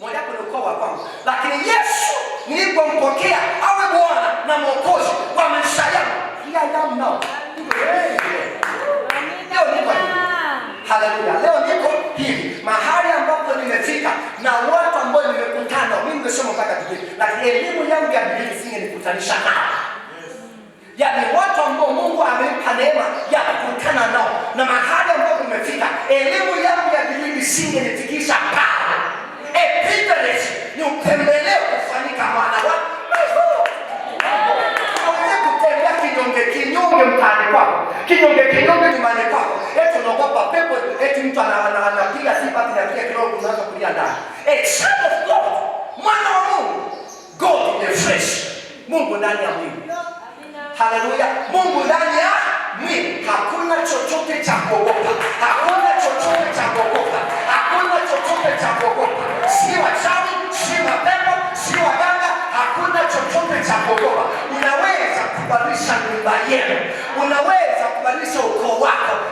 mojawapo ni ukoa kwangu, lakini Yesu nilipompokea awe Bwana na Mwokozi wa maisha yangu iayamnao Haleluya. Leo niko hivi mahali ambapo nimefika na watu ambao nimekutana mimi nimesoma mpaka Biblia. Lakini elimu yangu ya Biblia isingenikutanisha nao. Yaani watu ambao Mungu amenipa neema ya kukutana nao na mahali ambapo nimefika elimu yangu ya Biblia isingenifikisha kinyonge kinyonge nyumbani kwako, eti unaogopa pepo, eti mtu anapiga si pati na kile kidogo unaanza kulia ndani. A child of God, mwana wa Mungu, God in the flesh, Mungu ndani ya mwili. Haleluya, Mungu ndani ya mwili. unaweza kuokoa, unaweza kubadilisha nyumba yenu, unaweza kubadilisha ukoo wako.